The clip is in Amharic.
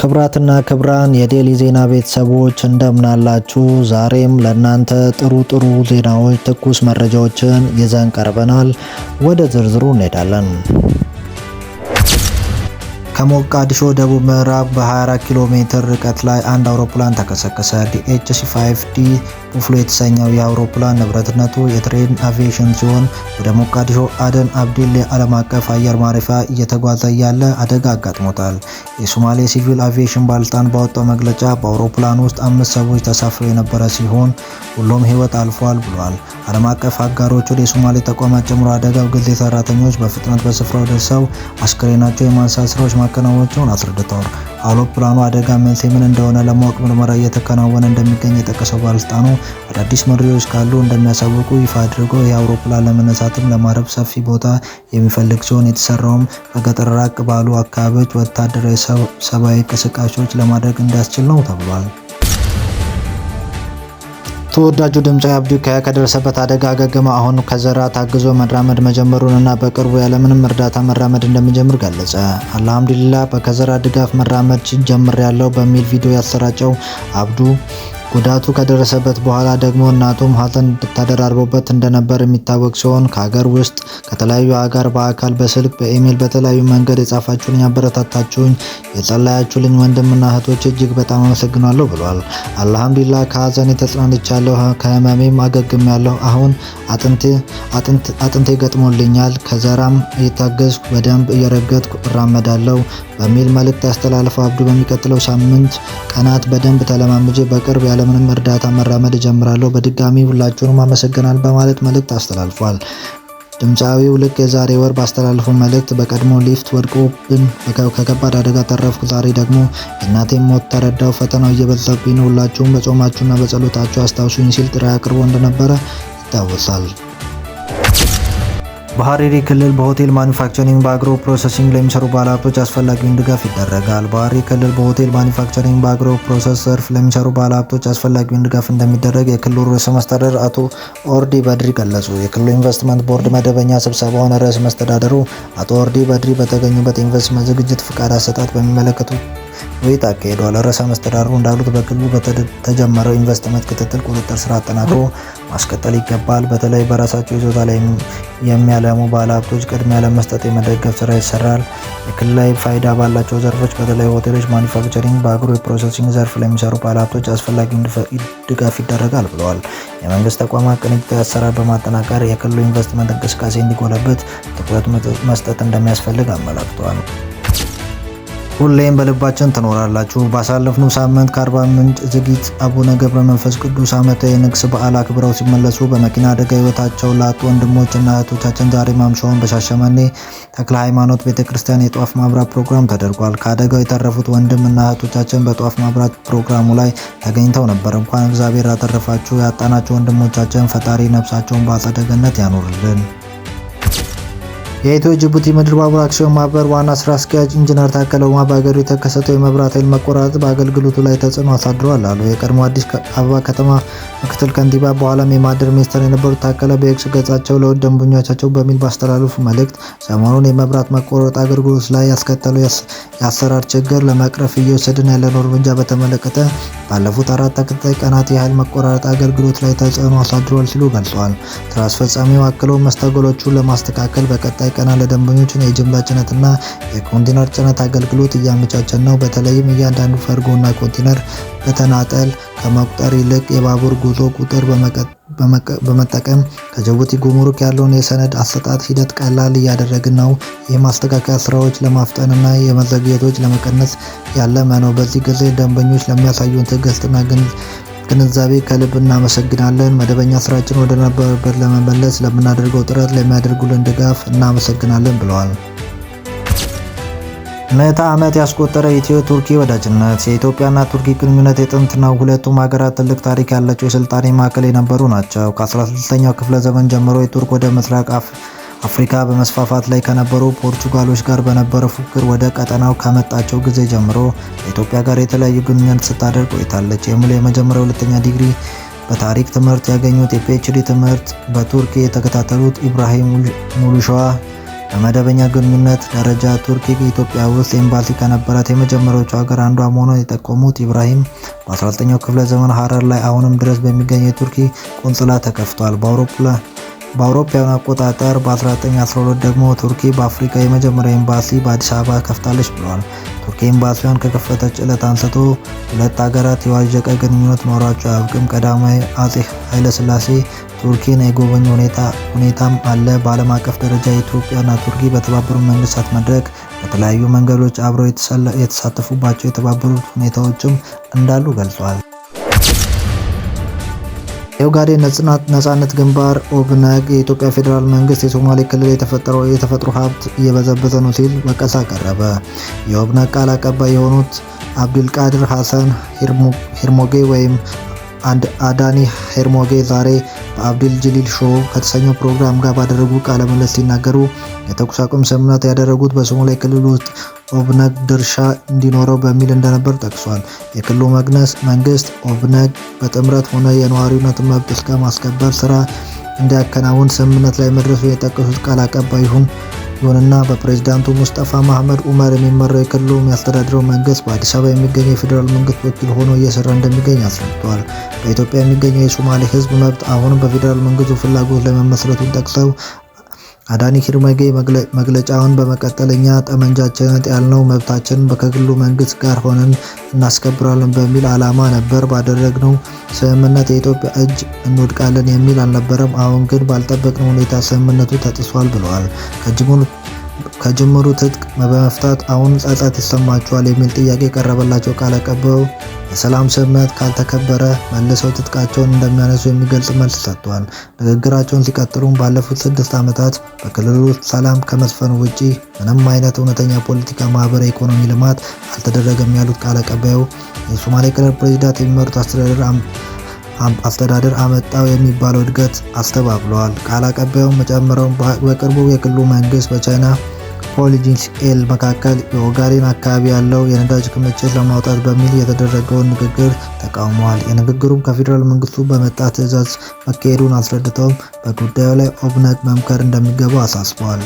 ክብራትና ክብራን የዴሊ ዜና ቤተሰቦች እንደምናላችሁ፣ ዛሬም ለእናንተ ጥሩ ጥሩ ዜናዎች፣ ትኩስ መረጃዎችን ይዘን ቀርበናል። ወደ ዝርዝሩ እንሄዳለን። ከሞቃዲሾ ደቡብ ምዕራብ በ24 ኪሎ ሜትር ርቀት ላይ አንድ አውሮፕላን ተከሰከሰ። ዲኤችሲ 5 ዲ ቡፍሎ የተሰኘው የአውሮፕላን ንብረትነቱ የትሬን አቪዬሽን ሲሆን ወደ ሞቃዲሾ አደን አብዲል የዓለም አቀፍ አየር ማረፊያ እየተጓዘ ያለ አደጋ አጋጥሞታል። የሶማሌ ሲቪል አቪዬሽን ባለስልጣን ባወጣው መግለጫ በአውሮፕላን ውስጥ አምስት ሰዎች ተሳፍረው የነበረ ሲሆን ሁሉም ሕይወት አልፏል ብሏል። ዓለም አቀፍ አጋሮች ወደ የሶማሌ ተቋማት ጨምሮ አደጋው ጊዜ ሰራተኞች በፍጥነት በስፍራው ደርሰው አስክሬናቸው የማንሳት ስራዎች ማከናወናቸውን አስረድተዋል። አውሮፕላኑ አደጋ መንስኤ ምን እንደሆነ ለማወቅ ምርመራ እየተከናወነ እንደሚገኝ የጠቀሰው ባለስልጣኑ አዳዲስ መረጃዎች ካሉ እንደሚያሳውቁ ይፋ አድርገው ይህ አውሮፕላን ለመነሳትም ለማረብ ሰፊ ቦታ የሚፈልግ ሲሆን የተሰራውም በገጠር ራቅ ባሉ አካባቢዎች ወታደራዊ ሰብአዊ እንቅስቃሴዎች ለማድረግ እንዲያስችል ነው ተብሏል። ተወዳጁ ድምፃዊ አብዱ ከያ ከደረሰበት አደጋ አገግማ አሁን ከዘራ ታግዞ መራመድ መጀመሩንና በቅርቡ ያለምንም እርዳታ መራመድ እንደሚጀምር ገለጸ። አልሐምዱሊላ በከዘራ ድጋፍ መራመድ ያለው በሚል ቪዲዮ ያሰራጨው አብዱ ጉዳቱ ከደረሰበት በኋላ ደግሞ እናቱም ሀተን ተደራርቦበት እንደነበር የሚታወቅ ሲሆን ከሀገር ውስጥ ከተለያዩ ሀገር በአካል በስልክ በኢሜይል በተለያዩ መንገድ የጻፋችሁልኝ፣ ያበረታታችሁኝ፣ የጸለያችሁልኝ ወንድምና እህቶች እጅግ በጣም አመሰግናለሁ ብሏል። አልሐምዱሊላ ከሀዘን የተጽናንቻለሁ ከህመሜም ያለሁ አሁን አጥንቴ ገጥሞልኛል፣ ከዘራም እየታገዝኩ በደንብ እየረገጥኩ እራመዳለሁ በሚል መልእክት ያስተላልፈው አብዱ በሚቀጥለው ሳምንት ቀናት በደንብ ተለማምጄ በቅርብ ያለ ያለምንም እርዳታ መራመድ እጀምራለሁ። በድጋሚ ሁላችሁንም አመሰግናል በማለት መልእክት አስተላልፏል። ድምፃዊው ልክ የዛሬ ወር ባስተላልፉ መልእክት በቀድሞ ሊፍት ወድቆብን ከከባድ አደጋ ተረፍኩ፣ ዛሬ ደግሞ የእናቴን ሞት ተረዳው፣ ፈተናው እየበዛብኝ ነው፣ ሁላችሁም በጾማችሁና በጸሎታችሁ አስታውሱኝ ሲል ጥሪ አቅርቦ እንደነበረ ይታወሳል። በሀረሪ ክልል በሆቴል ማኒፋክቸሪንግ በአግሮ ፕሮሰሲንግ ለሚሰሩ ባለሀብቶች አስፈላጊውን ድጋፍ ይደረጋል። በሀረሪ ክልል በሆቴል ማኒፋክቸሪንግ በአግሮ ፕሮሰስ ዘርፍ ለሚሰሩ ባለሀብቶች አስፈላጊውን ድጋፍ እንደሚደረግ የክልሉ ርዕሰ መስተዳደር አቶ ኦርዲ በድሪ ገለጹ። የክልሉ ኢንቨስትመንት ቦርድ መደበኛ ስብሰባውን ርዕሰ መስተዳደሩ አቶ ኦርዲ በድሪ በተገኙበት ኢንቨስትመንት ዝግጅት ፍቃድ አሰጣት በሚመለከቱ ውይይት አካሂደዋል። ርዕሰ መስተዳድሩ እንዳሉት በክልሉ በተጀመረው ኢንቨስትመንት ክትትል ቁጥጥር ስራ አጠናክሮ ማስቀጠል ይገባል። በተለይ በራሳቸው ይዞታ ላይ የሚያለ ለሚለሙ ባለሀብቶች ቅድሚያ ለመስጠት የመደገፍ ስራ ይሰራል። የክልላዊ ፋይዳ ባላቸው ዘርፎች በተለይ ሆቴሎች፣ ማኒፋክቸሪንግ፣ በአግሮ ፕሮሰሲንግ ዘርፍ ለሚሰሩ ባለሀብቶች አስፈላጊውን ድጋፍ ይደረጋል ብለዋል። የመንግስት ተቋማት ቅንጅታዊ አሰራር በማጠናከር የክልሉ ኢንቨስትመንት እንቅስቃሴ እንዲጎለበት ትኩረት መስጠት እንደሚያስፈልግ አመላክተዋል። ሁሌም በልባችን ትኖራላችሁ። ባሳለፍነው ሳምንት ከአርባ ምንጭ ዝጊት አቡነ ገብረ መንፈስ ቅዱስ ዓመታዊ የንግስ በዓል አክብረው ሲመለሱ በመኪና አደጋ ህይወታቸው ላጡ ወንድሞችና እህቶቻችን ዛሬ ማምሻውን በሻሸመኔ ተክለ ሃይማኖት ቤተ ክርስቲያን የጧፍ ማብራት ፕሮግራም ተደርጓል። ከአደጋው የተረፉት ወንድምና እህቶቻችን በጧፍ ማብራት ፕሮግራሙ ላይ ተገኝተው ነበር። እንኳን እግዚአብሔር አተረፋችሁ። ያጣናቸው ወንድሞቻችን ፈጣሪ ነፍሳቸውን በአጸደ ገነት ያኖርልን። የኢትዮ ጅቡቲ ምድር ባቡር አክሲዮን ማህበር ዋና ስራ አስኪያጅ ኢንጂነር ታከለ ኡማ በሀገሪቱ የተከሰተው የመብራት ኃይል መቆራረጥ በአገልግሎቱ ላይ ተጽዕኖ አሳድረዋል አሉ። የቀድሞ አዲስ አበባ ከተማ ምክትል ከንቲባ በኋላም የማዕድን ሚኒስትር የነበሩት ታከለ በኤክስ ገጻቸው ለውድ ደንበኞቻቸው በሚል ባስተላለፉ መልእክት ሰሞኑን የመብራት መቆረጥ አገልግሎት ላይ ያስከተለው የአሰራር ችግር ለመቅረፍ እየወሰድን ያለነው እርምጃ በተመለከተ ባለፉት አራት ተከታይ ቀናት የኃይል መቆራረጥ አገልግሎት ላይ ተጽዕኖ አሳድሯል ሲሉ ገልጸዋል። ስራ አስፈጻሚው አክለው መስተጓጎሎቹን ለማስተካከል በቀጣይ ቀና ለደንበኞችን የጅምላ ጭነትና የኮንቴነር ጭነት አገልግሎት እያመቻቸን ነው። በተለይም እያንዳንዱ ፈርጎና ኮንቴነር በተናጠል ከመቁጠር ይልቅ የባቡር ጉዞ ቁጥር በመጠቀም ከጅቡቲ ጉምሩክ ያለውን የሰነድ አሰጣጥ ሂደት ቀላል እያደረግን ነው። ይህ ማስተካከያ ስራዎች ለማፍጠንና የመዘግየቶች ለመቀነስ ያለመ ነው። በዚህ ጊዜ ደንበኞች ለሚያሳዩን ትዕግስትና ግንዛቤ ከልብ እናመሰግናለን። መደበኛ ስራችን ወደ ነበረበት ለመመለስ ለምናደርገው ጥረት፣ ለሚያደርጉልን ድጋፍ እናመሰግናለን ብለዋል። ምዕተ ዓመት ያስቆጠረ ኢትዮ ቱርኪ ወዳጅነት የኢትዮጵያና ቱርኪ ግንኙነት የጥንት ነው። ሁለቱም ሀገራት ትልቅ ታሪክ ያላቸው የስልጣኔ ማዕከል የነበሩ ናቸው። ከ16ኛው ክፍለ ዘመን ጀምሮ የቱርክ ወደ ምስራቅ አፍሪካ በመስፋፋት ላይ ከነበሩ ፖርቹጋሎች ጋር በነበረ ፉክክር ወደ ቀጠናው ከመጣቸው ጊዜ ጀምሮ ከኢትዮጵያ ጋር የተለያዩ ግንኙነት ስታደርግ ቆይታለች። የሙሉ የመጀመሪያ ሁለተኛ ዲግሪ በታሪክ ትምህርት ያገኙት፣ የፒኤችዲ ትምህርት በቱርኪ የተከታተሉት ኢብራሂም ሙሉሸዋ በመደበኛ ግንኙነት ደረጃ ቱርኪ ኢትዮጵያ ውስጥ ኤምባሲ ከነበራት የመጀመሪያዎቹ ሀገር አንዷ መሆኗን የጠቆሙት ኢብራሂም በ19ኛው ክፍለ ዘመን ሀረር ላይ አሁንም ድረስ በሚገኘው የቱርኪ ቆንጽላ ተከፍቷል። በአውሮፕላን በአውሮፓውያን አቆጣጠር በ1912 ደግሞ ቱርኪ በአፍሪካ የመጀመሪያ ኤምባሲ በአዲስ አበባ ከፍታለች ብለዋል። ቱርኪ ኤምባሲዋን ከከፈተች ዕለት አንስቶ ሁለት ሀገራት የዋዠቀ ግንኙነት ኖሯቸው አያውቅም። ቀዳማዊ አጼ ኃይለሥላሴ ቱርኪን የጎበኙ ሁኔታም አለ። በዓለም አቀፍ ደረጃ ኢትዮጵያና ቱርኪ በተባበሩ መንግስታት መድረክ በተለያዩ መንገዶች አብረው የተሳተፉባቸው የተባበሩት ሁኔታዎችም እንዳሉ ገልጿል። የኦጋዴን ነጻነት ግንባር ኦብነግ የኢትዮጵያ ፌዴራል መንግስት የሶማሌ ክልል የተፈጠረው የተፈጥሮ ሀብት እየበዘበዘ ነው ሲል ወቀሳ ቀረበ። የኦብነግ ቃል አቀባይ የሆኑት አብዱልቃድር ሐሰን ሂርሞጌ ወይም አዳኒ ሄርሞጌ ዛሬ በአብዱል ጅሊል ሾ ከተሰኘው ፕሮግራም ጋር ባደረጉ ቃለ ምልልስ ሲናገሩ የተኩስ አቁም ስምምነት ያደረጉት በሶማሌ ክልል ውስጥ ኦብነግ ድርሻ እንዲኖረው በሚል እንደነበር ጠቅሷል። የክልሉ መንግስት ኦብነግ በጥምረት ሆነ የነዋሪነት መብት እስከ ማስከበር ስራ እንዲያከናውን ስምምነት ላይ መድረሱ የጠቀሱት ቃል አቀባይ ይሁን ይሁንና በፕሬዝዳንቱ ሙስጠፋ መሐመድ ኡመር የሚመራው የክልሉ የሚያስተዳድረው መንግስት በአዲስ አበባ የሚገኘው የፌዴራል መንግስት ወኪል ሆኖ እየሰራ እንደሚገኝ አስረድተዋል። በኢትዮጵያ የሚገኘው የሶማሌ ህዝብ መብት አሁንም በፌዴራል መንግስቱ ፍላጎት ላይ ጠቅሰው አዳኒ ሂርመጌ መግለጫውን በመቀጠል እኛ ጠመንጃችንን ያልነው መብታችን ከክልሉ መንግስት ጋር ሆነን እናስከብራለን በሚል አላማ ነበር። ባደረግነው ስምምነት የኢትዮጵያ እጅ እንወድቃለን የሚል አልነበረም። አሁን ግን ባልጠበቅነው ሁኔታ ስምምነቱ ተጥሷል ብለዋል። ከጅቡን ከጅምሩ ትጥቅ በመፍታት አሁን ጸጸት ይሰማቸዋል የሚል ጥያቄ የቀረበላቸው ቃል አቀባዩ የሰላም ስምምነት ካልተከበረ መልሰው ትጥቃቸውን እንደሚያነሱ የሚገልጽ መልስ ሰጥቷል። ንግግራቸውን ሲቀጥሉም ባለፉት ስድስት ዓመታት በክልሉ ሰላም ከመስፈኑ ውጪ ምንም አይነት እውነተኛ ፖለቲካ፣ ማህበራዊ፣ ኢኮኖሚ ልማት አልተደረገም ያሉት ቃል አቀባዩ የሶማሌ ክልል ፕሬዚዳንት የሚመሩት አስተዳደር አስተዳደር አመጣው የሚባለው እድገት አስተባብለዋል። ቃል አቀባዩም መጨመረውን በቅርቡ የክልሉ መንግስት በቻይና ሆልዲንግስ ኤል መካከል የኦጋዴን አካባቢ ያለው የነዳጅ ክምችት ለማውጣት በሚል የተደረገውን ንግግር ተቃውመዋል። የንግግሩም ከፌዴራል መንግስቱ በመጣ ትዕዛዝ መካሄዱን አስረድተውም በጉዳዩ ላይ ኦብነግ መምከር እንደሚገባው አሳስበዋል።